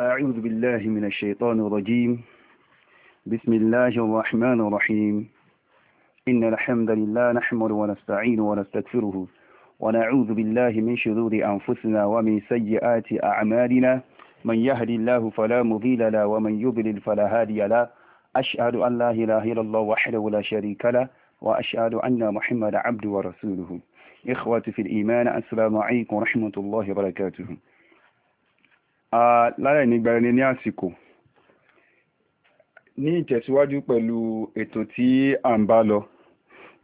أعوذ بالله من الشيطان الرجيم بسم الله الرحمن الرحيم إن الحمد لله نحمد ونستعين ونستغفره ونعوذ بالله من شرور أنفسنا ومن سيئات أعمالنا من يهد الله فلا مضل له ومن يضلل فلا هادي له أشهد أن لا إله إلا الله وحده لا شريك له وأشهد أن محمد عبده ورسوله إخوة في الإيمان السلام عليكم ورحمة الله وبركاته láì nígbà ẹni ní àsìkò ní ìtẹ̀síwájú pẹ̀lú ètò tí à ń bá lọ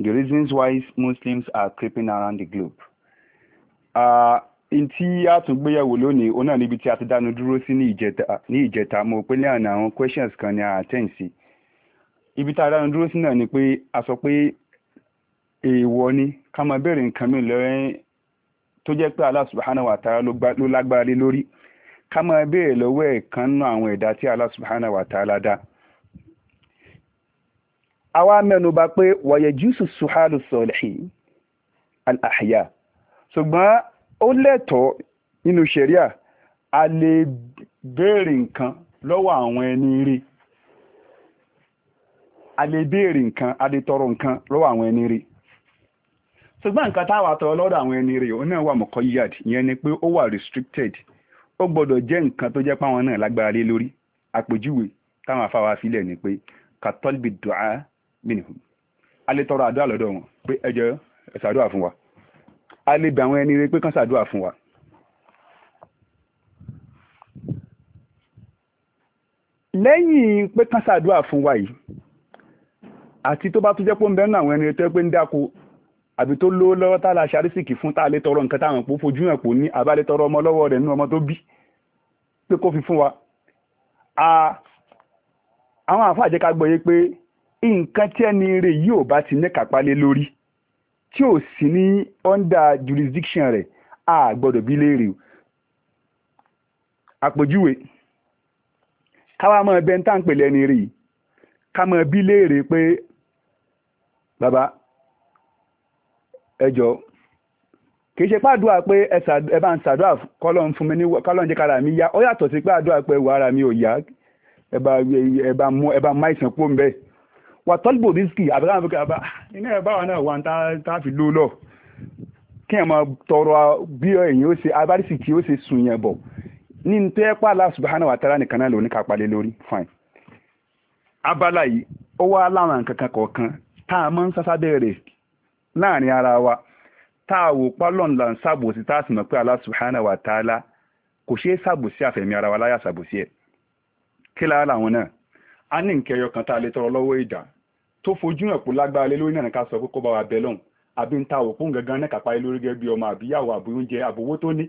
the reasons why Muslims are creeping around the globe. n tí a tún gbéyàwó lónìí òun náà níbi tí a ti dánu dúró sí ní ìjẹta mo pé ní àná àwọn questions kan ni a attend sí ibi tá a dánu dúró sí náà ni pé a sọ pé èèwọ̀ ni ká máa béèrè nǹkan mi lẹ́yìn tó jẹ́ pé Allah subhanahu ló lágbára lé lórí. kama máa béèrè lọ́wọ́ ẹ̀kan nú àwọn ẹ̀dá tí Allah subhanahu wa ta'ala dá àwa mẹ́nuba pé wọ̀yẹ̀ jùsù suhalu salihin al-ahya ṣùgbọ́n ó lẹ́tọ̀ọ́ nínú ṣẹ̀ríà a le beere nkan lọ́wọ́ àwọn ẹni rí a le beere nkan a lè tọrọ nǹkan lọ́wọ́ àwọn ẹni rí ṣùgbọ́n nǹkan táwa tọrọ lọ́dọ̀ àwọn ẹni rí òun náà wa mọ̀kọ́ yíyàd ìyẹn ni pé ó wà restricted ó gbọ́dọ̀ jẹ́ nǹkan tó jẹ́ páwọn náà lágbára lé lórí àpèjúwe táwọn afáwa filẹ̀ ni pé katolbi dua minhum a lè tọrọ àdúrà lọ́dọ̀ wọn pé ẹjọ ẹ ṣàdúrà fún wa a lè bẹ̀ àwọn ẹni rẹ pé kán ṣàdúrà fún wa. lẹ́yìn pé kán ṣàdúrà fún wa yìí àti tó bá tún jẹ́ pé ń bẹ́ẹ̀ nù àwọn ẹni rẹ tó pé ń dáko àbí tó lówó lọ́wọ́ tá a la ṣàrísìkì fún tá a lè tọrọ nǹkan táwọn òpó fojú hàn pò ní abálẹ́tọrọ ọmọ lọ́wọ́ rẹ̀ nínú ọmọ tó bí pé kó fi fún wa àwọn àfa àjẹká gbọ́yé pé nǹkan tí ẹni rẹ̀ yìí ò bá ti ní kápá lórí tí ò sí ní under jurisdiction rẹ̀ a gbọ́dọ̀ bí léèrè o àpèjúwe káwa mọ ẹbẹ ń tà pè lẹ́ni rè ká mọ bí léèrè pé bàbá ẹ jọ̀ọ́ kì í ṣe pàdúrà pé ẹ bá ń ṣàdúrà fún mi ní kọ́lọ́n jẹ́ kára mi yá ó yàtọ̀ ara mi ò yá ẹ bá mú ẹ bá má ìsìn pò ń bẹ́ẹ̀ wà rísíkì a fi ló lọ kí ẹ̀ máa tọrọ bí ẹ̀yìn ó ṣe abárísì kí ó ṣe sùn yẹn bọ̀ ní n tẹ́ nìkan náà abala yìí ó wá láwọn nǹkan kan kọ̀ọ̀kan tá a máa wa tá a wò pálọ̀n là ń ṣàbòsí tá a sì mọ̀ pé Allah subhanahu wa ta'ala kò ṣeé ṣàbòsí àfẹ̀mí ara wa láyà ṣàbòsí ẹ̀ kí lára làwọn náà a ní nkẹyọ kan tá a lè tọrọ lọ́wọ́ ìdá tó fojú hàn pé lágbára lé lórí náà ká sọ pé kó bá wa bẹ lọ́hùn àbí ń ta òpó gangan náà kápá lórí gẹ́gẹ́ bí ọmọ àbíyàwó àbí oúnjẹ àbówó tó ní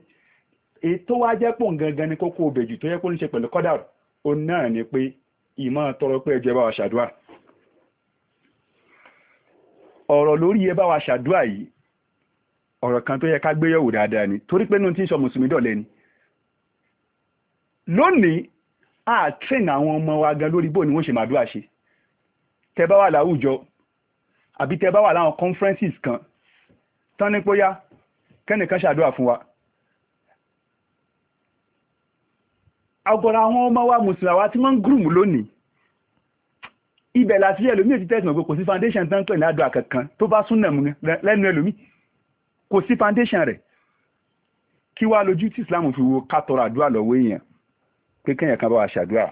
ètò wa jẹ́ pò gangan ní kókó òbèjì tó yẹ kó ní ṣe pẹ̀lú kọ́dà ó náà ni pé ìmọ̀ tọrọ pé ẹjẹ́ bá wa ṣàdúrà ọ̀rọ̀ lórí ẹ bá wa ṣàdúrà yìí ọ̀rọ̀ kan tó yẹ ká gbéyẹ̀wò dáadáa ni torí pé inú tí ń sọ mùsùlùmí dọ̀lẹ́ ni lónìí a train àwọn ọmọ wa gan lórí bóun ni wọ́n ṣe màdúrà ṣe tẹ bá wà láwùjọ àbí tẹ bá wà láwọn conferences kan tán ní pé yá kẹ́nìkan ṣàdúrà fún wa agọ́ra àwọn ọmọ wa mùsùlùmí wa tí wọ́n ń gúrùmù lónìí ibẹ̀ láti ẹlòmíì ti tẹ̀sán pé kò sí foundation tán pẹ̀ ní àdúrà kankan tó bá súnà lẹ́nu ẹlòmíì kò sí foundation rẹ̀ kí wá lójú tí islam fi wo ká tọrọ àdúrà lọ́wọ́ èèyàn pé kéèyàn kan bá wa ṣàdúrà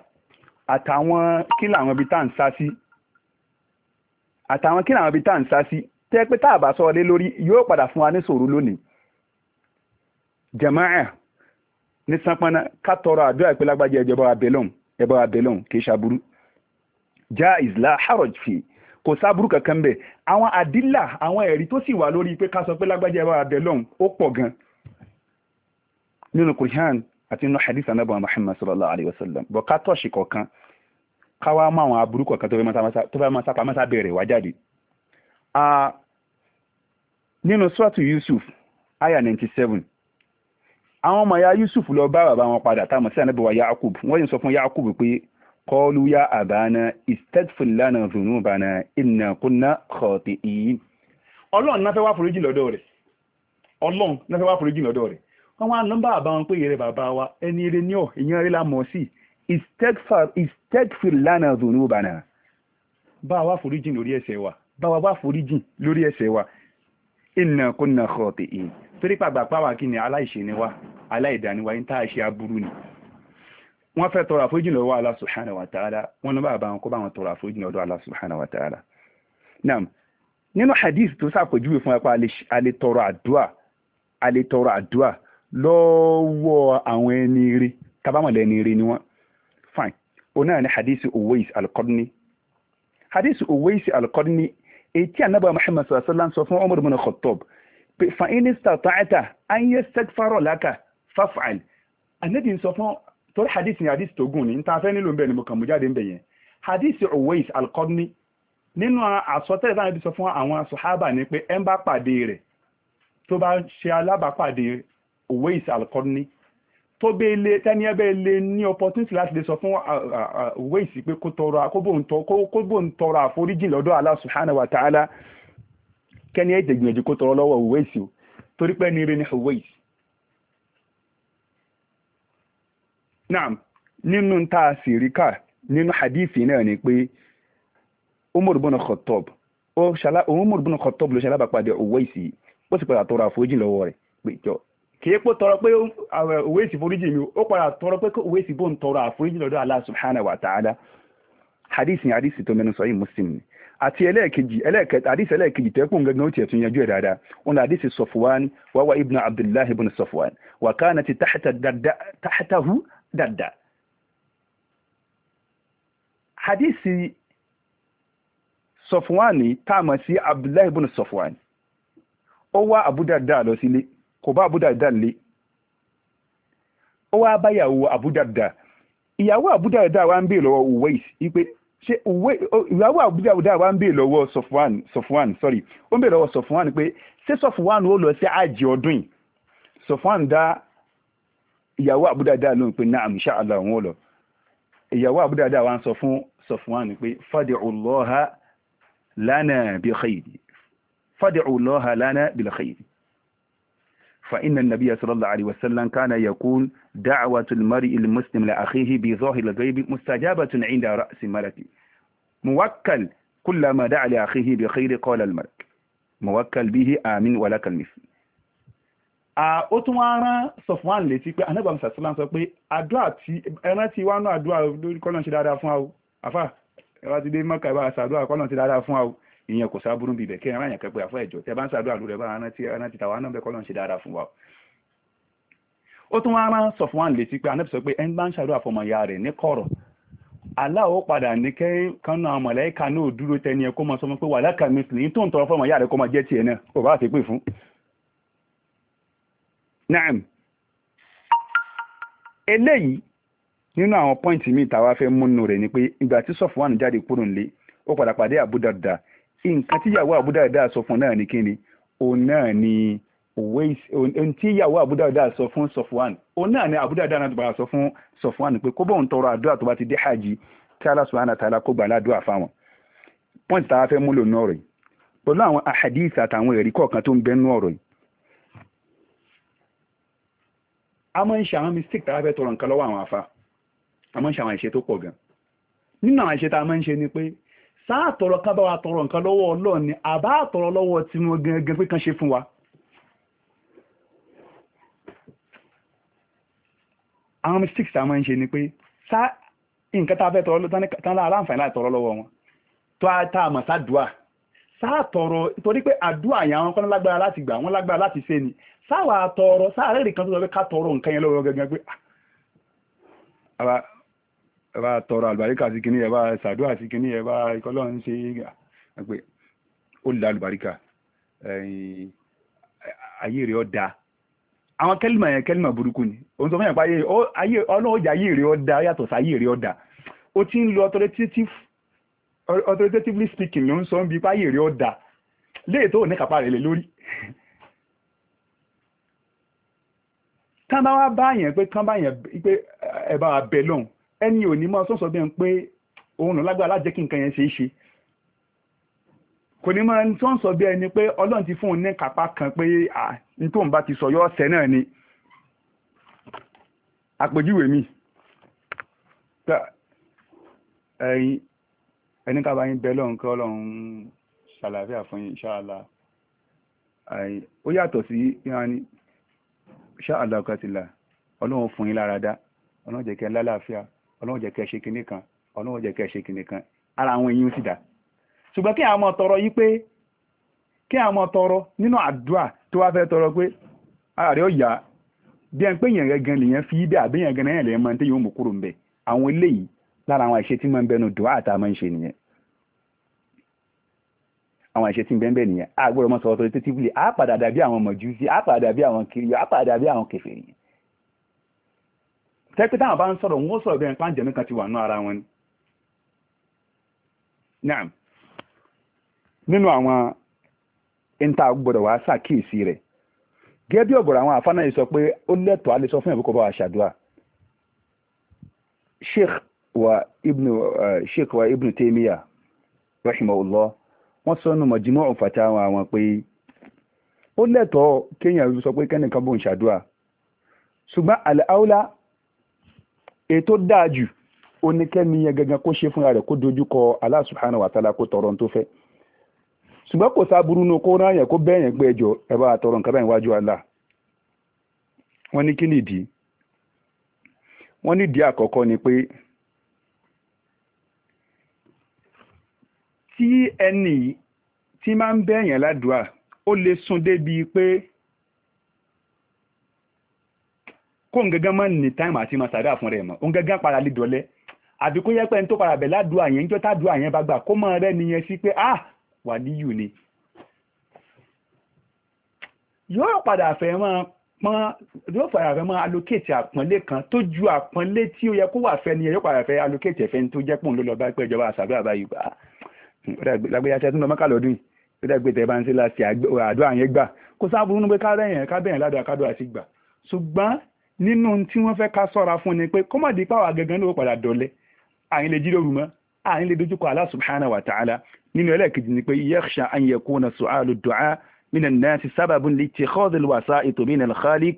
àtàwọn kí làwọn ibi tá à ń sá sí àtàwọn kí làwọn ibi tá à ń sá sí tẹ́ pé tá a bá sọ lé lórí yóò padà fún wa ní sòrò lónìí jama'a ní sanpana ká tọrọ àdúrà ìpínlẹ̀ agbájá ẹjọba abelon ẹbọ abelon kì í ṣàbúrú já isla harrod fi kò sábúrú kankan bẹ̀ àwọn àdílà àwọn ẹ̀rí tó sì wà lórí pé ká sọ pé lágbájá ẹ bá wà bẹ̀ lọ́hùn ó pọ̀ gan nínú Qur'an àti nínú hadith anabu Muhammad sallallahu alayhi wa sallam bọ̀ ká tọ̀ṣì kọ̀ọ̀kan ká wá mọ àwọn àbúrú kọ̀ọ̀kan tó fẹ́ máa sápa máa bẹ̀rẹ̀ wá jáde nínú suratu Yusuf aya ninety seven àwọn ọmọ ya Yusuf lọ bá bàbá wọn padà táwọn sí anabu wa Yaakub wọ́n yìí sọ fún Yaakub pé قالوا يا أبانا استغفر لنا ذنوبنا إنا كنا خاطئين ọlọ́run náà fẹ́ wá foríjì lọ́dọ̀ rẹ̀ ọlọ́run náà fẹ́ wá foríjì lọ́dọ̀ rẹ̀ wọ́n wá nọ́mbà àbáwọn pé ìrẹ́ bàbá wa ẹni eré ní ọ̀ ìyẹn rẹ̀ la mọ̀ sí istagfir lana dhunubana bá wa foríjì lórí ẹ̀ṣẹ̀ wa bá wa wá foríjì lórí ẹ̀ṣẹ̀ wa inna kunna khati'in torí pàgbà pàwà kí ni aláìṣe ni wa aláìdániwa yín tá a ṣe aburú ni wọ́n fẹ́ tọrọ àforíjì lọ́wọ́ Allah subhanahu wa ta'ala wọ́n ní bàbá wọn kó bá wọn tọrọ àforíjì lọ́dọ̀ Allah subhanahu wa ta'ala naam nínú hadith tó sàpèjúwe fún apá alẹ́ tọrọ àdúà alẹ́ tọrọ àdúà lọ́wọ́ àwọn ẹni rí kábàmọ̀lẹ́ ẹni rí ni wọ́n fine òun náà ni hadith Uwais al-Qarni hadith Uwais al-Qarni ètí ànábà Muhammad sallallahu alaihi wasallam sọ fún Umar ibn Khattab pé fa in istata'ta an yastaghfira torí hadith ni hadith tó gùn ní níta fẹ́ nílò nbẹ̀ ni mo kàn mú jáde nbẹ̀ yẹn hadith Uwais al-Qarni nínú àsọtẹ́lẹ̀ táwọn ibi sọ fún àwọn sọ̀hábà ni pé ẹ ń bá pàdé rẹ̀ tó bá ṣe alábàápàdé Uwais al-Qarni tó bẹ́ẹ̀ lé tẹ́ni ẹ lé ní opportunity láti lè sọ fún uh, uh, uh, Uwais pé kó tọrọ kó tọrọ àforíjì lọ́dọ̀ Allah subhanahu wa kẹ́ni ẹ̀ tẹ̀gbìyànjú kó tọrọ lọ́wọ́ Uwais torí pé ẹni rẹ̀ ni Uwais naam nínú tá a sì rí kà nínú hadithi náà ni pé umar bin khattab ó ṣàlá umar bin khattab ló ṣalábàpàdé Uwaisi ó sì padà tọrọ àforíjì lọ́wọ́ rẹ̀ pé jọ kìí pé tọrọ pé Uwaisi foríjì mi ó padà tọrọ pé Uwaisi bó ń tọrọ àforíjì lọ́dọ̀ Allah subhanahu wa ta'ala hadith yẹn hadith tó mẹ́nu sọ́yìn muslim ni àti ẹlẹ́ẹ̀kejì ẹlẹ́ẹ̀kẹta hadith ẹlẹ́ẹ̀kejì tẹ́kùn gangan ó tiẹ̀ tún yanjú ẹ̀ dáadáa wọn náà hadith sọfwan wàwá ibn abdullah ibn sọfwan wà kánà ti tahtahu dáadáa hadisi sọfúnwánì táàmà sí abdullahi ibn sọfúnwánì ó wá abúdàdà lọ sílé kò bá abúdàdà lé ó wá báyàwó abúdàdà ìyàwó abúdàdà wa ń bè lọ́wọ́ uwais ipe ṣe ìyàwó abúdàdà wa ń bè lọ́wọ́ sọfúnwánì sọfúnwánì sorry ó ń bè lọ́wọ́ sọfúnwánì pé ṣé sọfúnwánì ó lọ sí àjì ọdún yìí sọfúnwánì dá ìyàwó àbúdàdà ló ń pè náà insha Allah wọn lọ ìyàwó àbúdàdà wa ń sọ fún sọ fún wa ni pé fad'u Allaha lana bi khayr fad'u Allaha lana bil khayr فإن النبي صلى الله عليه وسلم كان يقول دعوة المرء المسلم لأخيه بظاهر الغيب مستجابة عند رأس ملك موكل كلما دعا لأخيه بخير قال الملك موكل به آمين ولك المثل ó tún wá rán sọfún létí pé anábàámu sàṣálà sọ pé àdúrà tí ẹran tí wàá náà àdúrà lórí kọ́nà ṣe dáadáa fún wa o àfà ẹwà ti dé mọ́kà ìbára sàdúrà kọ́nà ṣe dáadáa fún wa o ìyẹn kò sábúrú bíbẹ̀ kí ẹran àyànkẹ́ pé àfọ ẹ̀jọ̀ tẹ bá ń sàdúrà lórí ẹ̀bá ẹran ti tàwa náà bẹ́ kọ́nà ṣe dáadáa fún wa o. ó tún wá rán sọfún létí pé anábì sọ pé ẹni bá ń ṣàdúrà fọmọ ìyá rẹ̀ ní kọ̀rọ̀ aláwo padà ní kẹ́ kánú àwọn mọ̀lẹ́ka náà dúró tẹni ẹ kó mọ sọ fún pé wàhálà kàmí tó ń tọrọ fọmọ ìyá rẹ̀ kó mọ jẹ́ tiẹ̀ náà kò bá ti pè fún naam eléyìí nínú àwọn pọ́ìntì míì táwa fẹ́ múnú rẹ̀ ni pé ìgbà tí sọ̀fúnwánù jáde kúrò nílé ó padà pàdé àbúdàdà nǹkan tí ìyàwó àbúdàdà sọ fún náà ni kíni òun náà ni òun tí ìyàwó àbúdàdà sọ fún sọ̀fúnwánù òun náà ni àbúdàdà náà tó bá sọ fún sọ̀fúnwánù pé kó bóun tọrọ àdúrà tó bá ti dé hajj tí Allah subhanahu wa ta'ala kó gbà ládùúrà a máa ń ṣe àwọn mistake tá tọrọ nǹkan lọ́wọ́ àwọn afa a máa ń ṣe àwọn ìṣe tó pọ̀ gan nínú àwọn ìṣe tá a ń ṣe ni pé sáà tọrọ ká wa tọrọ nǹkan lọ́wọ́ Ọlọ́run ni àbá tọrọ lọ́wọ́ tiwọn gangan pé kan ṣe fún wa. àwọn mistakes tá a ń ṣe ni pé sá nǹkan tá tọrọ lọ́wọ́ tán lára àǹfààní láti tọrọ lọ́wọ́ wọn tó a tá a mọ̀ sá dùá sáàtọ̀rọ̀ torí pé àdúrà yẹn àwọn kan lágbára láti gbà wọ́n lágbára láti ṣe ni sáwà àtọ̀rọ̀ sáàrẹ́ nìkan tó sọ pé ká tọrọ nǹkan yẹn lọ́wọ́ gẹ́gẹ́ pé ah, ẹ bá tọrọ àlùbáríkà sí kínní ẹ bá ṣàdúrà sí kínní ẹ bá ìkọlọ́ ń ṣe pé ó lè àlùbáríkà ayé rẹ̀ ó dáa àwọn kẹ́lìmà yẹn kẹ́lìmà burúkú ni òun sọ fún yàn pé ayé ọlọ́ọ̀jà ayé rẹ̀ ó dáa yàtọ̀ sí ayé rẹ̀ ó dáa ó ti ń lọ tọ́lẹ́ títí authoritatively speaking ló ń sọ ń bi páyè rí ọ̀dà léè tó ní kápá rẹ̀ lé lórí. tán bá wá bá yẹn pé kán bá yẹn pé ẹ bá wa bẹ lọ́hùn ẹni ò ní mọ sọ́sọ́ bí wọn pé òun ò lágbára láti jẹ́ kí nǹkan yẹn ṣe é ṣe kò ní mọ ẹni tó ń sọ bí ẹni pé ọlọ́run ti fún un ní kápá kan pé ní tóun bá ti sọ yọ ọ̀sẹ̀ náà ni àpèjúwe mi ẹni ká bá yín bẹ lọ́run kí ọlọ́run ṣàlàáfíà fún yín ṣáàlà ó yàtọ̀ sí ìhání ṣáàlà ọ̀kàtìlà ọlọ́run fún yín lára dá ọlọ́run jẹ́ kẹ́ lálàáfíà ọlọ́run jẹ́ kẹ́ ṣe kinní kan ọlọ́run jẹ́ kẹ́ ṣe kinní kan ara àwọn èyí ń sì dá ṣùgbọ́n kí àwọn tọrọ yí pé kí àwọn tọrọ nínú àdúrà tó wá fẹ́ tọrọ pé ara rẹ̀ ó yá bí ẹn pé yẹn gan lèyàn fi í bẹ́ẹ̀ àbí yẹn gan náà lèyàn máa ń tẹ́yìn ó ń bẹ̀ àwọn eléyìí lára àwọn àìṣe tí mo ń bẹnu dùá àtà máa ń ṣe nìyẹn àwọn àìṣe tí ń bẹ́ẹ̀ nìyẹn a gbọ́dọ̀ mọ́ sọ̀rọ̀ sọ̀rọ̀ títí wílé a padà dàbí àwọn mọ̀júsí a padà dàbí àwọn kiri a padà dàbí àwọn kèfèrí tẹ́pẹ́ táwọn bá ń sọ̀rọ̀ wọ́n sọ̀rọ̀ bẹ́ẹ̀ pàǹjẹ́ nìkan ti wà nú ara wọn naam nínú àwọn ìta gbọ́dọ̀ wá ṣàkíyèsí rẹ̀ gẹ́gẹ́ bí ọ̀gọ̀rọ̀ àwọn àfáàná yìí sọ pé ó lẹ́tọ̀ọ́ wa ibnu eh, sheik wa ibnu taymiya rahimahullah wọ́n sọ wọn pé ó lẹ́tọ̀ọ́ kéèyàn sọ pé kẹ́nìkan bó ń ṣàdúrà kó ṣe fúnra rẹ̀ kó dojúkọ Allah subhanahu wa kó tọrọ tó fẹ́ ṣùgbọ́n kò sáburú nu kó ráyàn kó bẹ́yàn pé ẹjọ́ ẹ bá tọrọ nǹkan báyìí wájú Allah wọ́n ní kí nìdí wọ́n tí ẹnì tí máa ń bẹ̀yàn ládùúà ó lè sún débi pé kó ń gangan máa ní táìmù àti máa sàdá fún rẹ̀ mọ́ ó ń gangan para lè dọ̀lẹ́ àbí kó yẹ pé ẹni tó para bẹ̀ ládùúà yẹn níjọ́ tádùúà yẹn bá gbà kó máa rẹ́ nìyẹn sí pé ah wàlíyù ni yóò padà fẹ́ máa pọn yóò fara fẹ́ máa allocate àpọ́nlé kan tó ju àpọ́nlé tí ó yẹ kó wà fẹ́ ni yóò padà fẹ́ allocate ẹ̀fẹ́ tó jẹ́ pòun ló lọ bá pẹ́ ìjọba àṣàbí àbáyé gbà lágbèjà tẹ́ tún lọ mọ́kà lọ́dún yìí ó dàgbé tẹ́ bá ń ṣe láti àdó àyẹn gbà kó sáàbù nínú pé ká rẹ̀yìn ká bẹ̀yìn ládàá ká dọ̀à sí gbà ṣùgbọ́n nínú tí wọ́n fẹ́ ká sọ́ra fún ni pé kọ́mọ̀dé pàwọ́ gẹ́gẹ́ ló padà dọ̀lẹ́ àyìn lè jíròrò mọ́ àyìn lè dojúkọ Allah subhanahu wa ta'ala nínú ẹlẹ́ẹ̀kejì ni pé yakhsha an yakuna su'alu du'a min an-nas sababun li ittikhadhi al-wasa'it min al-khaliq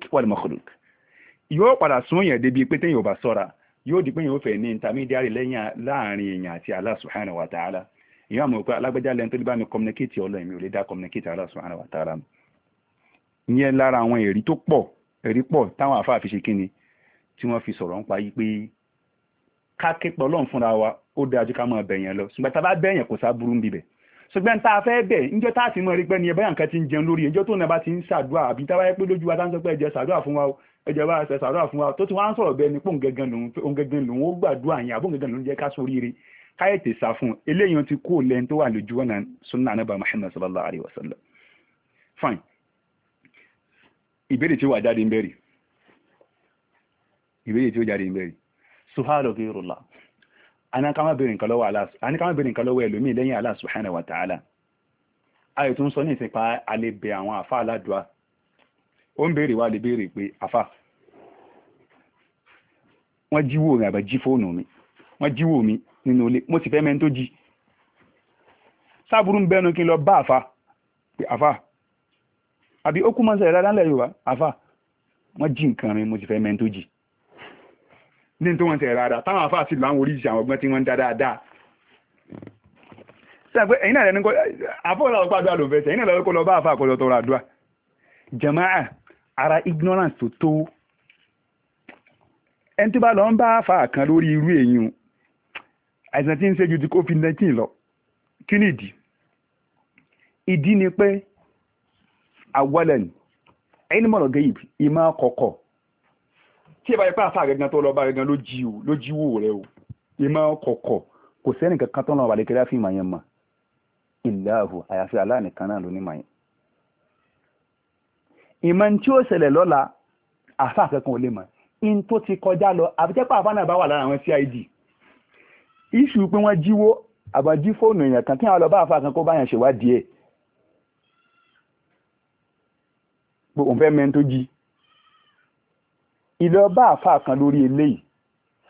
ìyá àmọ̀ pé alágbájá lẹ́nu tó lè bá mi communicate ọlọ́ èmi ò lè dá communicate Allah subhanahu wa ta'ala ìyẹn lára àwọn ẹ̀rí tó pọ̀ ẹ̀rí pọ̀ táwọn àfáà fi ṣe kíni tí wọ́n fi sọ̀rọ̀ nípa yí pé ká ké pọ̀ lọ́n fúnra wa ó dájú ká máa bẹ̀yẹn lọ ṣùgbọ́n tá a bá bẹ̀yẹn kò sá burú ń ṣùgbọ́n tá a fẹ́ bẹ̀ níjọ́ tá a ti mọ rí pé ni ẹ̀ báyà nǹkan ti ń jẹun lórí ẹjọ́ tó náà bá ti ń ṣàdúrà àbí tá a bá yẹ pé lójú wa tá ń sọ pé ẹ̀jẹ̀ ṣàdúrà fún wa o ẹ̀jẹ̀ bá ṣe ṣàdúrà fún wa tó ti wá ń sọ̀rọ̀ bẹ́ẹ̀ ni pé òun lòun ó gbàdúrà yẹn àbóǹgẹ́gẹ́ lòun jẹ́ ká sóríire káyọ̀tì sá fún un eléyìí wọn ti kó lẹ́yìn tó wà lójú ọ̀nà sunna anábà Muhammad sallallahu alayhi wa sallam fine ìbéèrè tí ó wà jáde ń bẹ̀rẹ̀ ìbéèrè tí ó jáde ń bẹ̀rẹ̀ suhalo kirula anikama bèrè nǹkan lọ́wọ́ ẹlòmíì lẹ́yìn Allah subhanahu wa ta'ala ayò tó ń sọ ní ìsìnpa alẹ́bẹ̀ àwọn àfa aládùá ó ń béèrè wá lè béèrè pé àfa nínú ilé mo sì fẹ́ mẹ́ni tó jí sáàbùrú ń bẹ́nu kí n lọ bá àfa pé àfa àbí ó kú mọ́ sẹ́yìn dáadáa ńlẹ̀ yorùbá àfa wọ́n jí nǹkan mi mo sì fẹ́ mẹ́ni tó jí ní tó wọ́n sẹ́yìn dáadáa táwọn àfa sì láwọn oríṣi àwọn ọgbọ́n tí wọ́n ń dá dáadáa sẹ́yìn pé ẹ̀yin náà lẹ́nu kọ́ àfọ́ làwọn gbàdúrà ló fẹ́ sẹ́yìn náà lọ́wọ́ kó lọ bá àfa àkọ́jọ ara ignorance tó tó ẹni tó bá àìsàn tí ń ṣe ju ti covid nineteen lọ kí ni ìdí ìdí ni pé àwọlẹ̀ni ẹni mọ̀nà gẹ̀yìb ìmọ̀ kọ̀kọ̀ tí ẹ bá yẹ pé àfa àgẹ̀gẹ̀ tó lọ bá gẹ̀gẹ̀ ló jí o ló jí wò rẹ o ìmọ̀ kọ̀kọ̀ kò sẹ́ni kankan tó lọ wà lẹ́kẹ̀rẹ́ àfi màyẹn mà ìlàhù àyàfi aláàní kan náà ló ní màyẹn. ìmọ̀ tí ó ṣẹlẹ̀ lọ́la àfa àkẹ́kọ̀ọ́ lè mọ̀ in tó ti kọjá lọ àbíjẹ́pọ̀ àfa náà bá wà lára àwọn CID iṣu pé wọ́n jíwó àbájí fóònù èèyàn kan tí àwọn ọlọ́ba àfa kan kó báyàn ṣèwádìí ẹ̀ pé òun fẹ́ mẹ́ni tó jí ìlọ́ba àfa kan lórí eléyìí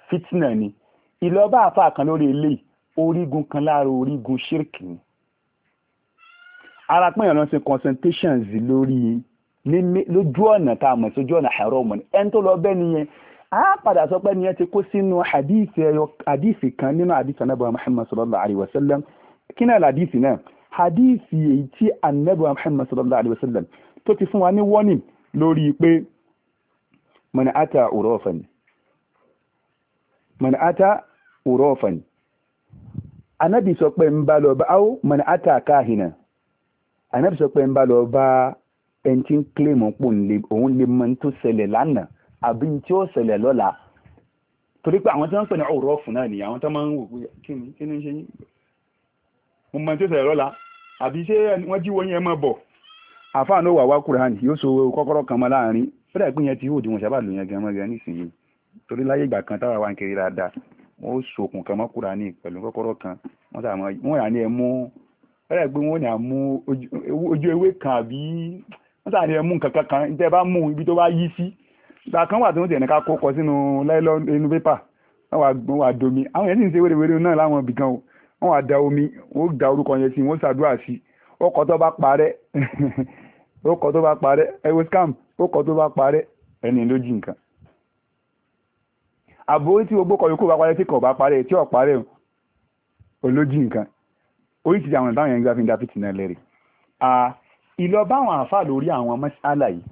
fitna ni ìlọ́ba àfa kan lórí eléyìí orígun kan lára orígun ṣírkì ni ara pẹ́yàn lọ́sẹ̀ concentrations lórí lójú ọ̀nà tá a mọ̀ sójú ọ̀nà àárọ̀ mọ̀ ẹni tó lọ bẹ́ẹ̀ nìyẹn a padà sọ pé ni ẹ ti kó sínú hadithi kan nínú hadithi anábọ̀ muhammad sallallahu alayhi wa sallam kí náà hadithi náà hadithi èyí tí anábọ̀ muhammad sallallahu alayhi wa sallam tó ti fún wa ní warning lórí pé man ata urofan man ata urofan anábì sọ pé ń bá lọ bá áwò man ata kahina anábì sọ pé ń bá lọ bá ẹni tí ń kílèmù pò òun lè mọ tó ṣẹlẹ̀ lánàá àbí tí ó ṣẹlẹ̀ lọ́la torí pé àwọn tí wọ́n ń pè ní ọ̀rọ̀ ọ̀fun náà nìyà àwọn tó máa ń wò pé kí ni kí ni ṣe yín mo mọ tí ó ṣẹlẹ̀ lọ́la àbí ṣé wọ́n jí wọ́n yẹn mọ̀ bọ̀ àfáà ló wà wá kúránì yóò so kọ́kọ́rọ́ kan mọ́ láàrin fúdà ìpín yẹn ti yóò díwọ̀n sábà lò yẹn gan nísìnyí torí láyé ìgbà kan táwa wá ń kiri dáadáa wọ́n ó sokùn kan mọ́ kúránì pẹ̀lú kọ́kọ́rọ́ kan wọ́n sà mọ́ wọ́n yà ní ẹ mú fúdà ìpín wọ́n yà mú ojú ewé kan àbí wọ́n sà ní ẹ mú nǹkan kan tẹ́ bá mú ibi tó bá yí sí ìgbà wà tí wọ́n ti ẹ̀nì kó kọ sínú láìlọ́ inú pépà wọ́n wà domi àwọn yẹn sì ń ṣe wéréwéré náà láwọn ibì o wọ́n wà da omi wọ́n da orúkọ yẹn sí wọ́n ṣàdúrà sí ọkọ̀ tó bá parẹ́ ọkọ̀ tó bá parẹ́ ẹ̀wọ̀ scam ọkọ̀ tó bá parẹ́ ẹni ló jí nǹkan. àbò tí gbogbo kọ̀ yòókù bá parẹ́ tí kò bá parẹ́ tí ò parẹ́ olójì nǹkan oríṣiríṣi àwọn ìtàn yẹn gbà fi ń da fìtì náà lẹ́rìí. ìlọ báwọn àáfàá lórí àwọn mọ́ṣálà yìí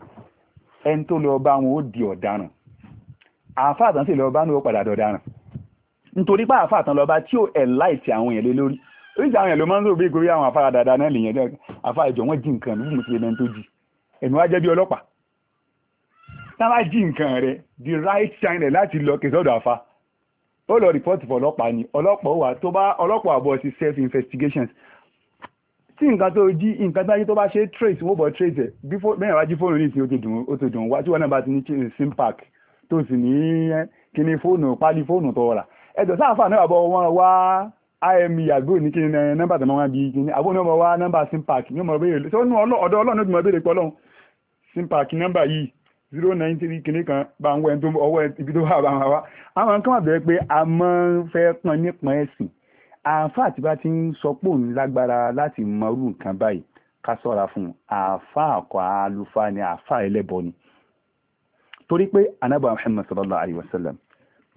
ẹni tó lọ bá wọn ó di ọ̀daràn àáfàá tán sì lọ bá ní ó padà dọ̀daràn nítorí pé àáfàá tán lọ bá tí ó ẹ̀ láìsí àwọn èèyàn lé lórí oríṣi àwọn èèyàn ló máa ń rò bí ìgbórí àwọn àfáà dáadáa náà lèèyàn dẹ́ àfáà ìjọ wọn jí nǹkan bí mo ti ẹni tó jí ẹ̀mí wá jẹ́ bí ọlọ́pàá tá jí nǹkan rẹ the right time rẹ láti lọ kèsì ọ̀dọ̀ àfa ó lọ rìpọ́tì fún ọlọ́pàá ni ọlọ́pàá ó wà tó bá ọlọ́pàá àbọ̀ sí self investigations tí nǹkan tó jí nǹkan tó jí tó bá ṣe trace wọ́n bọ̀ trace ẹ̀ bí bẹ́ẹ̀ wá jí fóònù ní ìsìn ó ti dùn wá tí wọ́n náà bá ti ní sim park tó sì ní kíní fóònù pálí fóònù tó rà ẹ̀jọ̀ sáfà náà bọ̀ wọ́n wá ime àgbo ní kíni nọ́mbà tó máa wá bí kíní àbó ní ọmọ wá nọ́mbà sim park ní ọmọ béèrè tó nú ọ̀dọ̀ ọlọ́run ló ti mọ béèrè sim park nọ́mbà yìí zero nine three kíní kan bá ń wẹ́ ibi tó wà bá wà wá àwọn kan wà bẹ́ẹ̀ pé a máa ń fẹ́ pọn nípọn ẹ̀sìn àáfà tí bá ti ń sọ pé òun lágbára láti mọrú nǹkan báyìí ká sọ́ra fún un àáfà àkọ́ àlùfáà ni àáfà ẹlẹ́bọ ni torí pé anábà Muhammad sallallahu alayhi wa sallam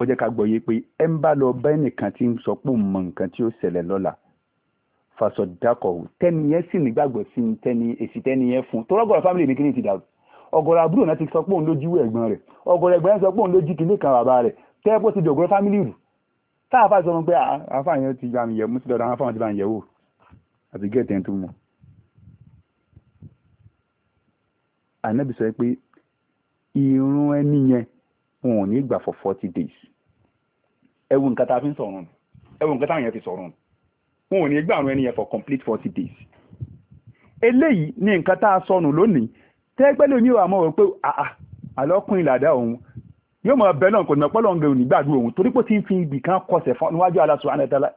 ó jẹ́ ká gbọ́yé pé ẹ ń bá lọ bá ẹnìkan tí ń sọ pé òun mọ nǹkan tí ó ṣẹlẹ̀ lọ́la fasọ̀dákọ̀ tẹ́ni yẹn sì nígbàgbọ́ sí tẹ́ni èsì tẹ́ni yẹn fún tọ́lọ́gọ̀rọ̀ fámìlì mi kí ni ti dàrú ọ̀gọ̀rọ̀ àbúrò náà ti sọ pé òun lójú ẹ̀gbọ́n rẹ̀ ọ̀gọ̀rọ̀ ẹ̀gbọ́n rẹ̀ sọ pé òun lójú kìnìkan bàbá rẹ̀ tẹ́ẹ́pọ̀ ti dọ̀gọ̀rọ̀ fámìlì rù táàfà sọ pé ah, àáfà yẹn ti bá mi yẹ̀ mú sí lọ́dọ̀ àwọn afáwọn ti bá mi yẹ̀ wò àti gẹ́ẹ̀tẹ̀ tó mọ̀ ànábì sọ pé irun ẹni yẹn wọn ò ní gbà for forty days ẹ wo nǹkan tá a fi ń sọ̀rọ̀ nù ẹ wo nǹkan táwọn yẹn fi sọ̀rọ̀ nù wọn ò ní gbà àrùn ẹni yẹn for complete forty days eléyìí ni nǹkan tá a sọnù lónìí tẹ́gbẹ́ lómi ò àmọ́ wọ pé ah, ah, àlọ́kùnrin làdá òun yóò mọ bẹ́ẹ̀ náà kò nà pọ́lọ́ ńgẹ̀ onígbàdúrà òun torí pé tí ń fi ibì kan kọsẹ̀ fún níwájú aláṣọ anàtàlà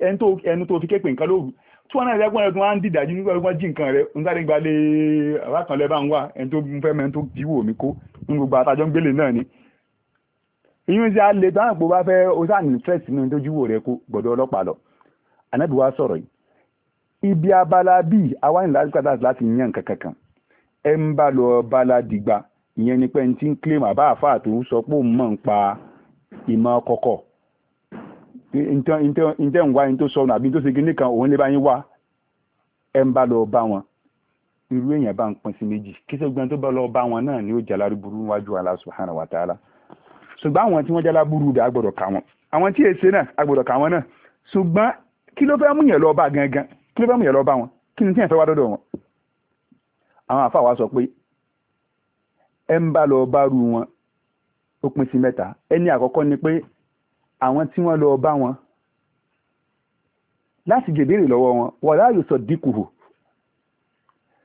ẹni tó fi képe nǹkan lóru tí wọ́n náà lẹ́gbọ́n ẹ̀dùn á ń dìdàjú nígbà wọ́n jí nǹkan rẹ̀ ń sáré gbalẹ̀ àwa kan lẹ́bàá ń wà ẹni tó fẹ́ mẹ́ni tó jíwò mí kó ń gbogbo àtàjọ ń gbélé náà ni. ìyún ti alẹ́ tó àpò bá fẹ́ ó sàn fẹ́ sínú tó jíwò rẹ̀ kó gbọ́dọ̀ ọlọ́pàá lọ. ànábì wa sọ̀rọ̀ yìí ibi bala dìgbà ìyẹn ni pé ẹni tí ń claim àbá àfáà tó ń sọ pé òun mọ̀ ń pa ìmọ̀ kọ̀kọ̀ ǹjẹ́ ń wá ẹni tó sọnù àbí tó ṣe gíní kan òun lè bá yín wá ẹ ń bá lọ bá wọn irú èèyàn bá ń pín sí méjì kí sẹ́gbọ́n tó bá lọ bá wọn náà ni ó jàlá burú wájú Allah subhanahu wa ṣùgbọ́n àwọn tí wọ́n jàlá burú dà gbọ́dọ̀ kà wọ́n àwọn tí èsè náà agbọ́dọ̀ kà wọ́n náà ṣùgbọ́n kí ló fẹ́ mú yẹn lọ bá gangan kí ló fẹ́ mú yẹn lọ bá wọn kí ni tí yẹn fẹ́ wá dọ́dọ̀ wọn. àwọn àfa wa sọ pé ẹ ń bá lọ bárù wọn ó pín sí mẹ́ta ẹni àkọ́kọ́ ni pé àwọn tí wọ́n lọ bá wọn láti jèbèrè lọ́wọ́ wọn wọ́n láàyò sọ dínkù hù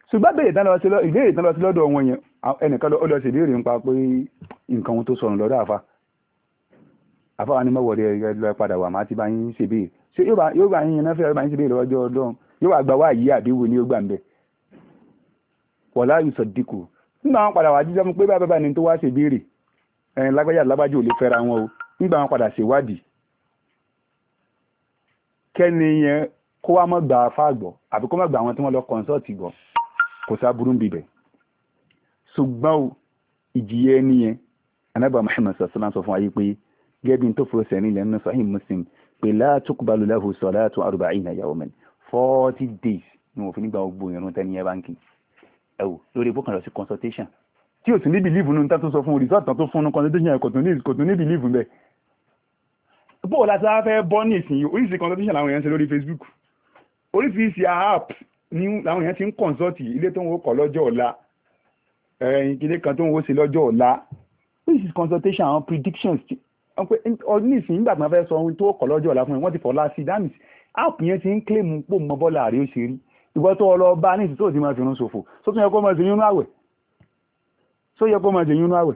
ṣùgbọ́n béèrè tán lọ sí ìbéèrè tán lọ sí lọ́dọ̀ wọn yẹn ẹnìkan lọ lọ sí ìbéèrè nípa pé nǹkan ohun tó sọnù lọ́dọ̀ àfa àfa wa ni mọ̀wọ́dẹ ẹ lọ padà wà máa ti bá yín ṣe béèrè ṣé yóò bá yín yẹn náà fẹ́ bá yín ṣe béèrè lọ́jọ́ ọdún yóò wá gba wáyé àbíwò ní yóò gbà ń bẹ̀ wọ́n láàyò sọ dínkù nígbà wọn padà wá jíjọ́ mú pé bá bàbá ni tó wá ṣèbéèrè ẹ̀yìn lágbájá lágbájá ò lè fẹ́ra wọn o nígbà wọn padà ṣèwádìí kẹ́ni yẹn kó wá mọ́ gbà afá gbọ́ àbí kó mọ́ gbà àwọn tí wọ́n lọ kọ́ńsọ́ọ̀tì gbọ́ kò sá burú bíbẹ̀ ṣùgbọ́n o ìjìyà ẹni yẹn anábà Muhammad sọ̀sọ́lá sọ fún wa yìí pé gẹ́bí tó fọ́ sẹ́ni ilẹ̀ nínú Sahih Muslim pé la tuqbalu lahu salatu forty days ni wọ́n fi nígbà gbogbo ìrún tẹ́ni yẹn bá ẹ̀wò lórí epo kan lọ sí consultation tí o sì ní bìlíìfù nínú tá tó sọ fún result tán tó fún un consultation kò tún ní bìlíìfù bẹ́ẹ̀. bóò láti wá fẹ́ bọ́ ní ìsìn oríṣiríṣi consultation làwọn èèyàn ṣe lórí Facebook oríṣiríṣi app ni làwọn èèyàn ti ń consult ilé tó ń wò kọ́ lọ́jọ́ ọ̀la ìkílé kan tó ń wò sí lọ́jọ́ ọ̀la oríṣiríṣi consultation àwọn predictions wọn pe ní ìsìn nígbà tí wọn fẹ́ sọ ohun tó kọ́ lọ́jọ́ ọ̀la fún wọn ti fọ́ lásì dáàmì app yẹn ti ń claim pò mọ́ bọ́lá àríwíṣiríṣi ìgbọ́tọ̀ ọlọ́ọ̀bá ní ìsìtò òdí máa fi rún ṣòfò só tún yẹ kó máa jẹyún àwẹ̀ só yẹ máa jẹyún àwẹ̀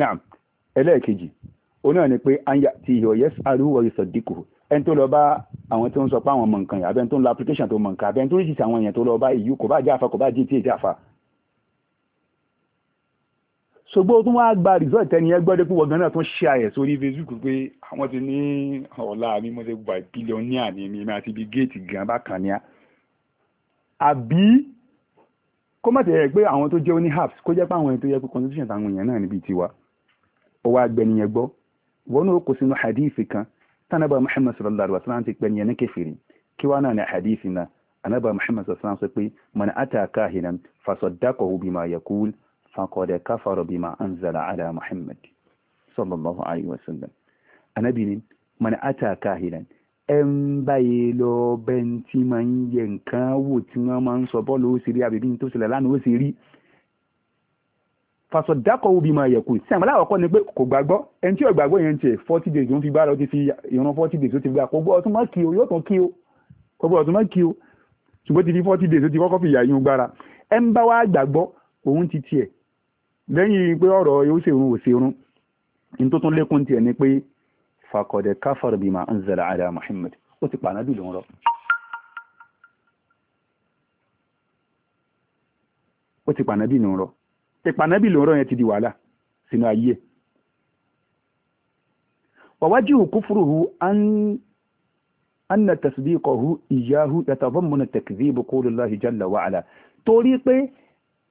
náà ẹlẹ́ẹ̀kejì oníwà ni pé anya ti yọ yẹs arúwọ yìí sọ̀díkù ẹni tó lọ bá àwọn tó ń sọ pé àwọn mọ̀ nǹkan yà abẹ́ni tó ń lo application tó mọ̀ nǹkan abẹ́ni tó rí àwọn èèyàn tó lọ ìyú kò bá jẹ́ àfa kò bá jẹ́ tí èjì àfa ṣùgbọ́n o tún wá gba result ẹni yẹn gbọ́dọ̀ pé wọ́n gan náà tún share ẹ̀ sórí facebook pé àwọn ti ní ọ̀la mi mo ti gba billionaire ni mi àti ibi géètì gan bákan ni á àbí kó má tẹ̀yẹ pé àwọn tó jẹ́ oní herbs kó jẹ́ pé àwọn ẹni tó yẹ pé constitution táwọn èèyàn náà níbi tiwa ó wá gbẹni yẹn gbọ́ wọn náà kó sínú hadith kan tánàbà muhammad sallallahu alaihi wa sallam ti pẹ́ ni ẹni kẹfìrí kí wá náà ní hadith náà anábà muhammad sallallahu alaihi wa sallam sọ pé man ata kahinan fasaddaqahu bima yaqul faqad kafara bima anzala ala muhammad sallallahu alayhi wa sallam anabi ni man ata kahilan ẹ ń báyé lọ bẹ́ẹ̀ tí máa ń yẹ nǹkan wò tí wọ́n máa ń sọ bọ́ọ̀lù ó sì rí àbíbí tó ṣẹlẹ̀ lánàá ó sì wo bí máa yẹ kù sí àmọ́ láwọ̀kọ́ ni pé kò gbàgbọ́ ẹni tí ò yẹn ń tiẹ̀ forty ń fi bára ó ti fi ìran forty days ó ti gbà kó gbọ́ ọtún má kí o yóò tán kí o kó gbọ́ ọtún má kí o ṣùgbọ́n ti fi forty days ti kọ́kọ́ fi ìyá yín gbára ẹ bá wa gbàgbọ́ òun ti tiẹ̀ lẹ́yìn pé ọ̀rọ̀ yóò ṣèrun òṣèrun in tó tún lékún tiẹ̀ ni pé fàkọ̀dẹ̀ káfàr bima anzala ala Muhammad ó ti pàánà bí lòun rọ. ó ti pàánà bí lòun rọ ìpànà bí lòun rọ yẹn ti di wàhálà sínú ayé. wàwájú kúfúrúhu anna tasdiqahu iyyahu yatadammuna takdhib qawlillahi jalla wa ala torí pé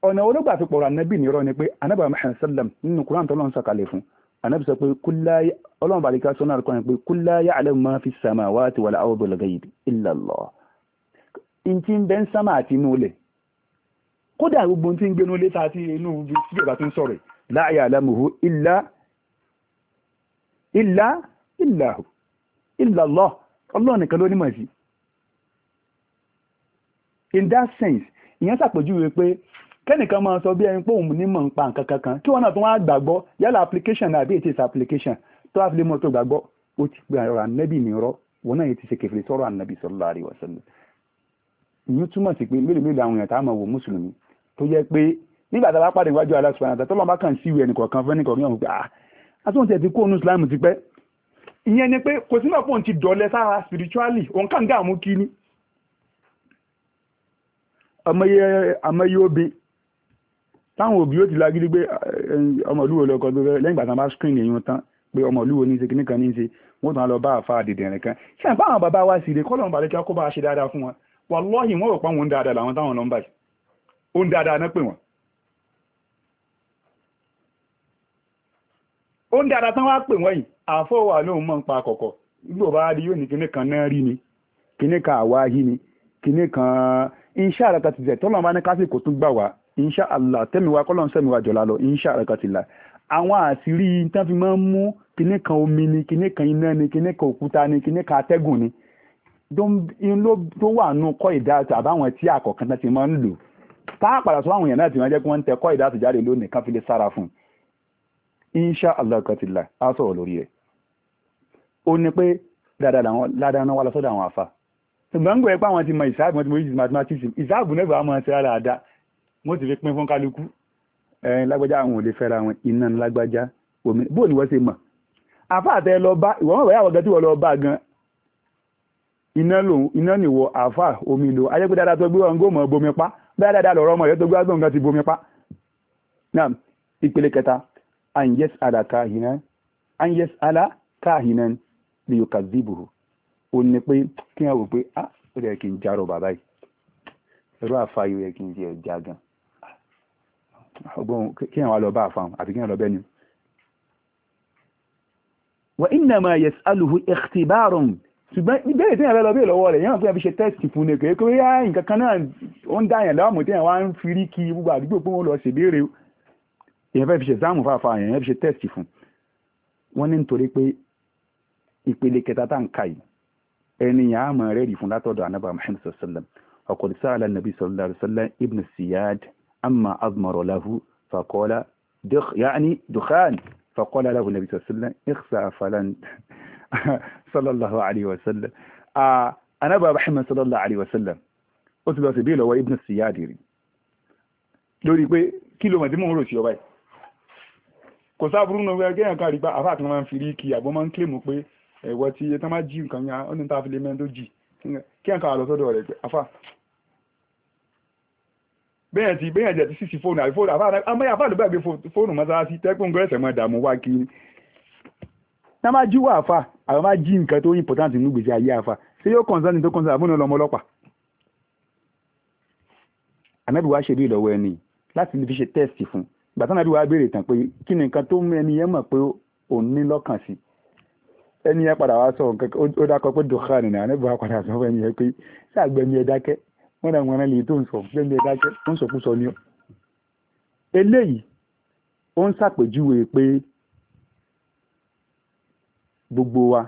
ọ̀nà olóògbà fi pọ̀rọ̀ ànábì nírọ̀ ni pé ànábì Muhammad sallam nínú Qur'an tó lọ́n sọ̀kalẹ̀ fún ànábì sọ pé kúláyà ọlọ́run bá àdìkà sọ́nà àkọ́ni pé kúláyà ya'lamu ma fi samawati wal ardi al-ghaybi illa Allah. ìtì ń bẹ ń sámà àti inú ilẹ̀ kódà gbogbo tí ń gbénú ilé ta ti inú ibi tí ìjọba ti ń sọ̀rọ̀ la ya'lamuhu illa illa illa hu ọlọ́run nìkan ló ní sí. in that sense ìyẹn ṣàpèjúwe pé kẹ́nìkan máa sọ bí ẹni pé òun ní mọ̀ ń pa nǹkan kankan kí wọ́n náà tún wá gbàgbọ́ yálà application àbí ètò ìsà application tó wá fi lè mọ̀ tó gbàgbọ́ ó ti gbé ọ̀rọ̀ ànábì mi rọ́ wọn náà yẹn ti ṣe kẹfìrì sọ̀rọ̀ ànábì sallallahu alaihi wasallam. ìyún túmọ̀ sí pé mélòó mélòó àwọn èèyàn tá a máa wò mùsùlùmí tó jẹ́ pé nígbà tá a bá pàdé iwájú Allah ah àtúntò ẹ̀ ti kó onú Islam ni pé kò sí náà pòun ti spiritually òun kàn ni. àmọye àmọye obìnrin táwọn òbí ó ti lágídí pé eh, ọmọlúwo lọkọ tó fẹ́ lẹ́yìn ìgbà tí wọ́n bá screen èèyàn tán pé ọmọlúwo ní í ṣe kíní kan ní í ṣe wọ́n tún á lọ bá àfa àdìdìrín kan ṣé àbá àwọn bàbá wa sì rè kọ́lọ́n balẹ̀ kí wọ́n kó bá a ṣe dáadáa fún wọn wàlọ́ọ̀hì wọ́n rò pé àwọn ń dáadáa làwọn táwọn lọ ń báyìí ó ń dáadáa náà pè wọ́n. ó ń dáadáa tán wá pè wọ́n yìí àfọwà lóun mọ̀ ń pa àkọ́kọ́ gbogbo bá rí yóò ní kíní kan náà rí ni kíní kan àwa yí ni kíní kan iṣẹ́ àràkàtìjẹ́ tọ́lọ́ insha allah tẹ́miwa kọ́lọ́n sẹ́miwa jọ̀la lọ insha allah àwọn àṣírí tán fi máa ń mú kinní kan omi ni kinní kan iná ni kinní kan òkúta ni kinní kan atẹ́gùn ni tó wà nù kọ́ ìdá àbáwọn tí àkọ́kàn náà ti máa ń lò pàápàá tó àwọn èèyàn náà ti máa jẹ́ kí wọ́n ń tẹ kọ́ ìdá àtìjáde lónìí kan fi lè sára fún un insha allah katila á sọ̀rọ̀ lórí ẹ̀ ó ní pé dáadáa ládàá wà lọ́sọ́dọ̀ àwọn àfa ṣùgbọ́n ń gbọ́ ẹ pé àwọn ti mọ ìsáàbù wọn ti mọ mathematics ìsáàbù náà bá máa ṣe rárá dáa wọ́n ti fi pín fún kálukú ẹ̀yìn lágbájá àwọn ò lè fẹ́ra wọn iná lágbájá omi bó ni wọ́n ṣe mọ̀ àfa àtẹ lọ bá ìwọ́n mọ̀ báyà wọ́n gan tí wọ́n lọ bá gan iná lòun iná nìwọ àfa omi lò ayé pé dáadáa tó gbé wọn gómọ̀ bomi pa báyà dáadáa lọ̀rọ̀ ọmọ tó gbé wọn gómọ̀ ti bomi pa. náà ìpele kẹta an ala kahinan an ala kahinan bí yóò kà zibuhu ó ní pé kí wọ́n rò pé ah ó yẹ kí n jarọ bàbá yìí ẹ̀rọ àfa yìí ó yẹ kí n jẹ́ ẹ̀ já gan ọgbọ́n kíyàn wá lọ bá àfáhùn àti kíyàn lọ bẹ́ni wa innama yas'aluhu ikhtibarun ṣùgbọ́n ìbéèrè tí ìyàrá lọ bí ìlọ́wọ́ rẹ̀ yàn fún ẹbí ṣe tẹ́sì fún ní kéèké yá nǹkan kan náà ó ń dá yàn láàmú tí wọ́n ń fi rí kí gbogbo àdúgbò pé wọ́n lọ ṣe béèrè èèyàn fẹ́ fi ṣe záàmù fàáfàá yàn fún wọ́n ní nítorí pé ìpele kẹta tá ń ka sallallahu alaihi wasallam ọkọ̀ أما أضمر له فقال دخ يعني دخان فقال له النبي صلى الله عليه وسلم اخسع فلن صلى الله عليه وسلم آه أنا أبا محمد صلى الله عليه وسلم أتبع سبيله وابن السيادري lórí pé kí ló mọ̀ tí mò ń ọba ẹ̀ kò sáàbùrú náà wíwá gẹ́yàn kárí bá àfáà kan máa ń fi rí kí àbọ̀ máa ń kílèmù pé ẹ̀wọ́ tí etán máa jí nǹkan yẹn ó ní tó jì kí àǹkà lọ rẹ̀ pé àfáà bẹ́ẹ̀ ti bẹ́ẹ̀ jẹ̀ ti sísì fóònù àbí fóònù àbáyé àfáà ló gbàgbé fóònù mọ́sáàsì tẹ́kùn gẹ́sẹ̀ mọ́ ìdààmú wá kiri tá má jí wà àfà àwọn má jí nǹkan tó important nínú gbèsè ayé àfà ṣé yóò concern tó concern àfúnà lọmọ ọlọ́pàá ànábì wa ṣe bí ìlọ́wọ́ ẹni láti fi ṣe test fún ìgbà tí ànábì wa béèrè tán pé kí ni nǹkan tó mú ẹni yẹn mọ̀ pé òun ní lọ́kàn sí ẹni yẹn padà wá sọ ó dákọ pé dùkán nìyẹn ànábì wa padà sọ fún ẹni yẹn pé ṣáàgbẹ́ni ẹ dákẹ́ wọ́n ra wọ̀nrán lè tó ń sọ gbẹ́mí ẹ dájẹ́ ó ń sọkúsọ ni ọ́ eléyìí ó ń ṣàpèjúwe pé gbogbo wa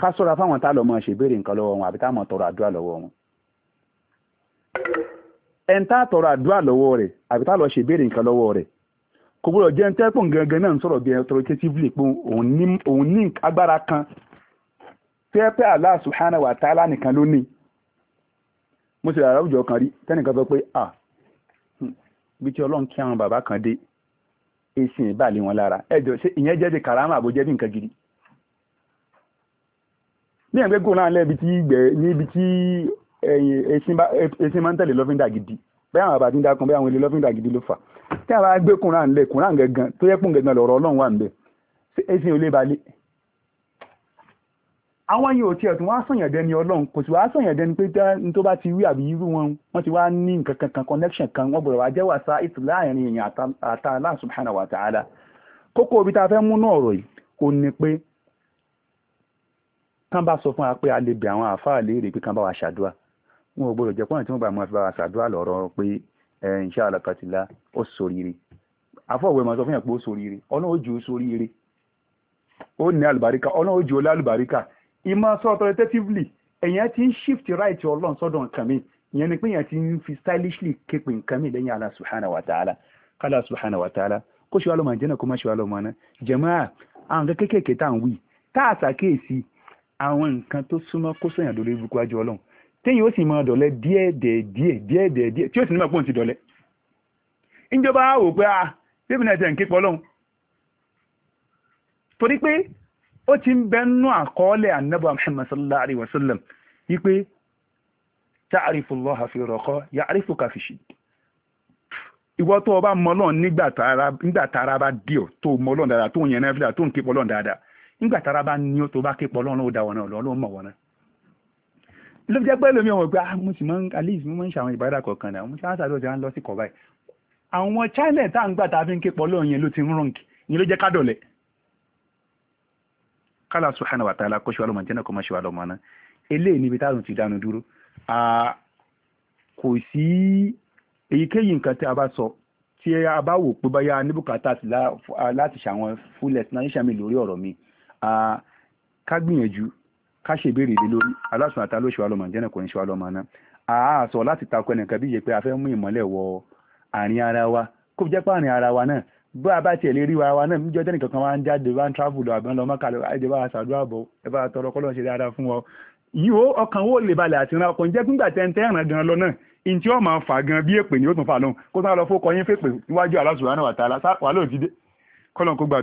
ká sọ́ra fáwọn tá lọ́mọ ṣèbéèrè nǹkan lọ́wọ́ wọn àbí táwọn tọrọ àdúrà lọ́wọ́ wọn ẹni tá tọrọ àdúrà lọ́wọ́ rẹ̀ àbí tá lọ ṣèbéèrè nǹkan lọ́wọ́ rẹ̀ kò gbọ́dọ̀ jẹ́ ń tẹ́pọ̀ gangan náà ń sọ̀rọ̀ bí authoritatively pé òun ní agbára kan tẹ́pẹ́ Allah subhanahu wa ta'ala nìkan ló ní mo ṣe àrà àwùjọ kan rí tẹ́nìkan sọ pé à bí tí ọlọ́run kí àwọn bàbá kan dé èsì ìbàlẹ̀ wọn lára ẹjọ́ ṣe ìyẹn jẹ́ ti karama àbójẹ́ bí nǹkan gidi ní ẹgbẹ́ kò náà lẹ́bi tí gbẹ níbi tí èsì máa ń tẹ̀lé lọ́fíńdà gidi bẹ́ẹ̀ àwọn àbàtí ń dákun bẹ́ẹ̀ àwọn ilé lọ́fíńdà gidi ló fà tí àwọn agbé kùnrán lẹ̀ kùnrán gẹ̀gàn tó yẹ kùn gẹ̀gàn lọ̀rọ̀ ọlọ́run àwọn yìí ò tiẹ̀ tún wá sọ̀yàn dẹni ọlọ́run kò sì wá sọ̀yàn dẹni pé tó bá ti rí àbí irú wọn wọ́n ti wá ní nǹkan kankan connection kan wọ́n bọ̀rọ̀ wá jẹ́ wàsá ètò láàrin èèyàn àta Allah subhanahu wa ta'ala kókó obi tá a fẹ́ mú náà ọ̀rọ̀ yìí ò ní pé kán bá sọ fún wa pé a lè bẹ àwọn àáfàá léèrè pé kán bá wa ṣàdúrà wọn ò gbọdọ̀ jẹ́ pọ́n tí wọ́n bá máa ìmọ̀ sọ authoritatively èèyàn ti ń shift right ọlọ́run sọ́dọ̀ nǹkan mi ìyẹn ni pé èèyàn ti ń fi stylishly képe nǹkan mi lẹ́yìn Allah subhanahu wa ta'ala kálá subhanahu wa ta'ala kó ṣe wá lọ́mọ àjẹ́nà kó má ṣe wá lọ́mọ náà jàmáà àwọn nǹkan kéékèèké tá à ń wí tá a ṣàkíyèsí àwọn nǹkan tó súnmọ́ kó sọ̀yàn lórí ibùkún àjọ ọlọ́run téèyàn ó sì máa dọ̀lẹ́ díẹ̀ díẹ̀ díẹ̀ díẹ̀ tí ó sì ní ó ti ń bẹnu àkọọ́lẹ̀ annabi muhammad sallallahu alaihi wasallam wípé ta'rifu allaha fi raqa ya'rifuka fi shidd ìwọ tó o bá mọ Ọlọ́run nígbà tára bá dí ọ tó mọ Ọlọ́run dáadáa tó ń yẹn náà fílà tó ń képọ Ọlọ́run dáadáa nígbà tára bá ní ọ tó bá képọ Ọlọ́run ó da wọn náà lọ Ọlọ́run mọ̀ wọn náà ló fi jẹ́ pé lómi ọmọ pé ah mo sì máa ń mo máa ń ṣàwọn ìbáradà kọ̀ọ̀kan náà mo ṣáà sàdọ̀ ti máa lọ sí kọ̀ àwọn china tá à ń gbà tá a fi ń képọ Ọlọ́run yẹn ló ti ń rọ̀ǹkì yẹn ló jẹ́ kádọ̀lẹ̀ Kala subhanahu wa ta'ala kó ṣe wà lọ́mọ jẹ́nà kó má ṣe wà lọ́mọ náà eléyìí níbi táwọn ti dánu dúró kò sí èyíkéyìí nǹkan tí a bá sọ tí a bá wò pé báyà níbùkátà láti ṣàwọn full explanation mi lórí ọ̀rọ̀ mi ká gbìyànjú ká ṣe ìbéèrè lé lórí aláṣùn àtà ló ṣe wà lọ́mọ jẹ́nà kò ní ṣe wà lọ́mọ náà àá sọ láti takọ ẹnìkan bí yẹ pé a fẹ́ mú ìmọ́lẹ̀ wọ àárín ara wa kó jẹ́ pé àárín ara wa náà bó a bá tiẹ̀ lè rí wa wa náà níjọ́ tẹ́nì kankan wa ń jáde wa ń travel lọ àbọ̀n lọ mọ́ka àìjẹ́ bá a ṣàdúrà bọ̀ ẹ bá a tọrọ kọ́lọ́ ṣe dáadáa fún ọ. yìí ó ọkàn wo lè balẹ̀ àti ìran ọkùnrin jẹ́ gbígbà tẹ́ntẹ́ ẹ̀ràn gan lọ náà ìyìn tí ó máa fà gan bí èpè ni ó tún fà lóhùn kó sáà lọ fó kọyín fèpè níwájú Allah subhanahu wà